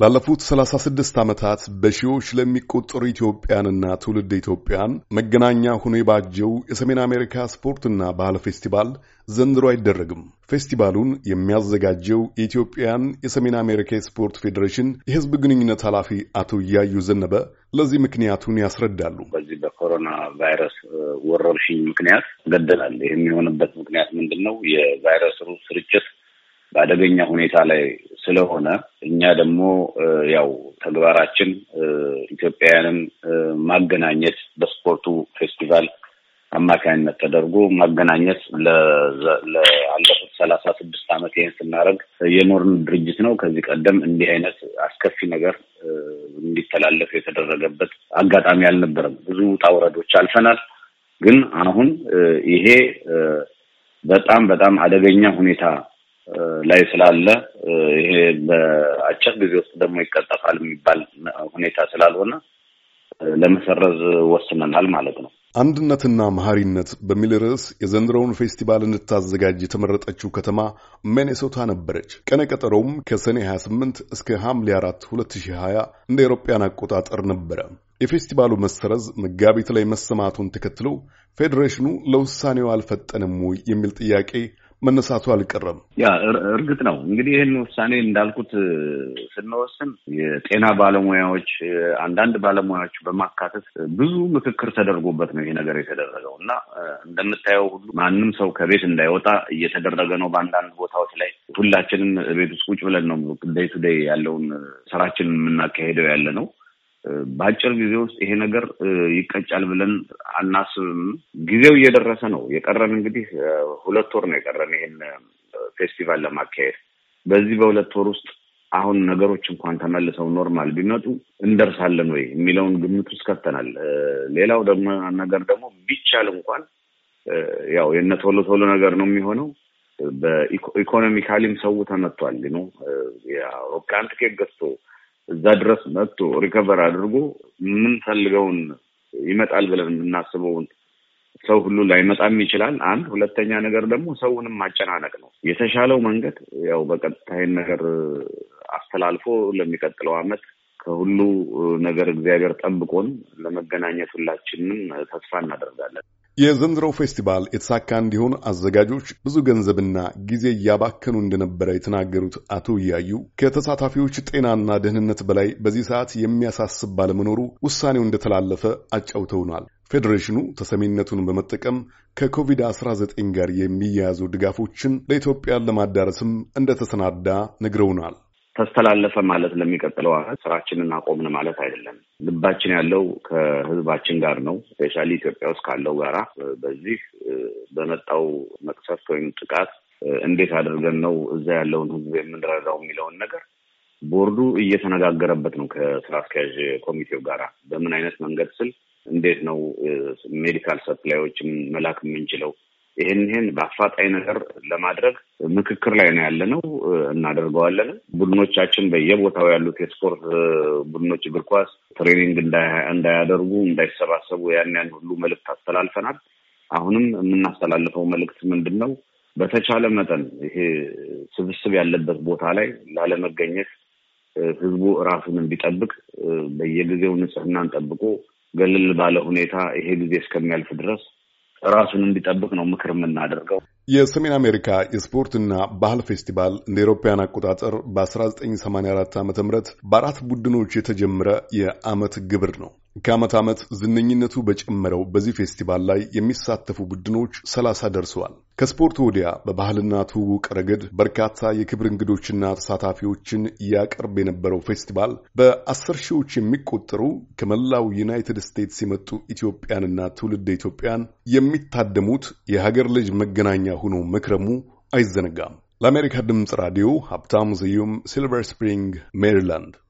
ላለፉት 36 ዓመታት በሺዎች ለሚቆጠሩ ኢትዮጵያንና ትውልድ ኢትዮጵያን መገናኛ ሆኖ የባጀው የሰሜን አሜሪካ ስፖርትና ባህል ፌስቲቫል ዘንድሮ አይደረግም። ፌስቲቫሉን የሚያዘጋጀው የኢትዮጵያን የሰሜን አሜሪካ የስፖርት ፌዴሬሽን የሕዝብ ግንኙነት ኃላፊ አቶ እያዩ ዘነበ ለዚህ ምክንያቱን ያስረዳሉ። በዚህ በኮሮና ቫይረስ ወረርሽኝ ምክንያት ገደላል። የሚሆንበት ምክንያት ምንድን ነው? የቫይረሱ ስርጭት በአደገኛ ሁኔታ ላይ ስለሆነ እኛ ደግሞ ያው ተግባራችን ኢትዮጵያውያንን ማገናኘት በስፖርቱ ፌስቲቫል አማካኝነት ተደርጎ ማገናኘት ለአለፉት ሰላሳ ስድስት አመት ይህን ስናደርግ የኖርን ድርጅት ነው። ከዚህ ቀደም እንዲህ አይነት አስከፊ ነገር እንዲተላለፍ የተደረገበት አጋጣሚ አልነበረም። ብዙ ውጣ ውረዶች አልፈናል። ግን አሁን ይሄ በጣም በጣም አደገኛ ሁኔታ ላይ ስላለ ይሄ በአጭር ጊዜ ውስጥ ደግሞ ይቀጠፋል የሚባል ሁኔታ ስላልሆነ ለመሰረዝ ወስነናል ማለት ነው። አንድነትና መሐሪነት በሚል ርዕስ የዘንድሮውን ፌስቲቫል እንድታዘጋጅ የተመረጠችው ከተማ ሚኔሶታ ነበረች። ቀነቀጠሮውም ከሰኔ 28 እስከ ሐምሌ 4 2020 እንደ አውሮፓውያን አቆጣጠር ነበረ። የፌስቲቫሉ መሰረዝ መጋቢት ላይ መሰማቱን ተከትሎ ፌዴሬሽኑ ለውሳኔው አልፈጠንም ወይ የሚል ጥያቄ መነሳቱ አልቀረም። ያ እርግጥ ነው። እንግዲህ ይህን ውሳኔ እንዳልኩት ስንወስን የጤና ባለሙያዎች፣ አንዳንድ ባለሙያዎች በማካተት ብዙ ምክክር ተደርጎበት ነው ይሄ ነገር የተደረገው እና እንደምታየው ሁሉ ማንም ሰው ከቤት እንዳይወጣ እየተደረገ ነው። በአንዳንድ ቦታዎች ላይ ሁላችንም ቤት ውስጥ ቁጭ ብለን ነው ዴይ ቱ ዴይ ያለውን ስራችን የምናካሄደው ያለ ነው። በአጭር ጊዜ ውስጥ ይሄ ነገር ይቀጫል ብለን አናስብም። ጊዜው እየደረሰ ነው። የቀረን እንግዲህ ሁለት ወር ነው የቀረን ይሄን ፌስቲቫል ለማካሄድ። በዚህ በሁለት ወር ውስጥ አሁን ነገሮች እንኳን ተመልሰው ኖርማል ቢመጡ እንደርሳለን ወይ የሚለውን ግምት ውስጥ ከተናል። ሌላው ደግሞ ነገር ደግሞ ቢቻል እንኳን ያው የነ ቶሎ ቶሎ ነገር ነው የሚሆነው። በኢኮኖሚካሊም ሰው ተመቷል ነው የአውሮፕላን ትኬት ገዝቶ እዛ ድረስ መጥቶ ሪከቨር አድርጎ የምንፈልገውን ይመጣል ብለን የምናስበውን ሰው ሁሉ ላይመጣም ይችላል። አንድ ሁለተኛ ነገር ደግሞ ሰውንም ማጨናነቅ ነው። የተሻለው መንገድ ያው በቀጥታ ነገር አስተላልፎ ለሚቀጥለው ዓመት ከሁሉ ነገር እግዚአብሔር ጠብቆን ለመገናኘት ሁላችንም ተስፋ እናደርጋለን። የዘንድሮው ፌስቲቫል የተሳካ እንዲሆን አዘጋጆች ብዙ ገንዘብና ጊዜ እያባከኑ እንደነበረ የተናገሩት አቶ እያዩ ከተሳታፊዎች ጤናና ደህንነት በላይ በዚህ ሰዓት የሚያሳስብ ባለመኖሩ ውሳኔው እንደተላለፈ አጫውተውናል። ፌዴሬሽኑ ተሰሚነቱን በመጠቀም ከኮቪድ-19 ጋር የሚያያዙ ድጋፎችን ለኢትዮጵያን ለማዳረስም እንደተሰናዳ ነግረውናል። ተስተላለፈ ማለት ለሚቀጥለው አመት ስራችንን አቆምን ማለት አይደለም። ልባችን ያለው ከህዝባችን ጋር ነው፣ ስፔሻሊ ኢትዮጵያ ውስጥ ካለው ጋራ በዚህ በመጣው መቅሰፍት ወይም ጥቃት እንዴት አድርገን ነው እዛ ያለውን ህዝብ የምንረዳው የሚለውን ነገር ቦርዱ እየተነጋገረበት ነው ከስራ አስኪያጅ ኮሚቴው ጋራ በምን አይነት መንገድ ስል እንዴት ነው ሜዲካል ሰፕላዮችን መላክ የምንችለው ይህን ይህን በአፋጣኝ ነገር ለማድረግ ምክክር ላይ ነው ያለ ነው። እናደርገዋለን። ቡድኖቻችን በየቦታው ያሉት የስፖርት ቡድኖች እግር ኳስ ትሬኒንግ እንዳያደርጉ፣ እንዳይሰባሰቡ ያን ያን ሁሉ መልእክት አስተላልፈናል። አሁንም የምናስተላልፈው መልእክት ምንድን ነው? በተቻለ መጠን ይሄ ስብስብ ያለበት ቦታ ላይ ላለመገኘት ህዝቡ እራሱን እንዲጠብቅ በየጊዜው ንጽህናን ጠብቆ ገለል ባለ ሁኔታ ይሄ ጊዜ እስከሚያልፍ ድረስ ራሱን እንዲጠብቅ ነው ምክር የምናደርገው። የሰሜን አሜሪካ የስፖርትና ባህል ፌስቲቫል እንደ ኤሮፓያን አቆጣጠር በ1984 ዓ ም በአራት ቡድኖች የተጀመረ የዓመት ግብር ነው። ከዓመት ዓመት ዝነኝነቱ በጨመረው በዚህ ፌስቲቫል ላይ የሚሳተፉ ቡድኖች ሰላሳ ደርሰዋል። ከስፖርቱ ወዲያ በባህልና ትውውቅ ረገድ በርካታ የክብር እንግዶችና ተሳታፊዎችን እያቀርብ የነበረው ፌስቲቫል በአስር ሺዎች የሚቆጠሩ ከመላው ዩናይትድ ስቴትስ የመጡ ኢትዮጵያንና ትውልድ ኢትዮጵያን የሚታደሙት የሀገር ልጅ መገናኛ ሆኖ መክረሙ አይዘነጋም። ለአሜሪካ ድምፅ ራዲዮ ሀብታሙ ስዩም ሲልቨር ስፕሪንግ ሜሪላንድ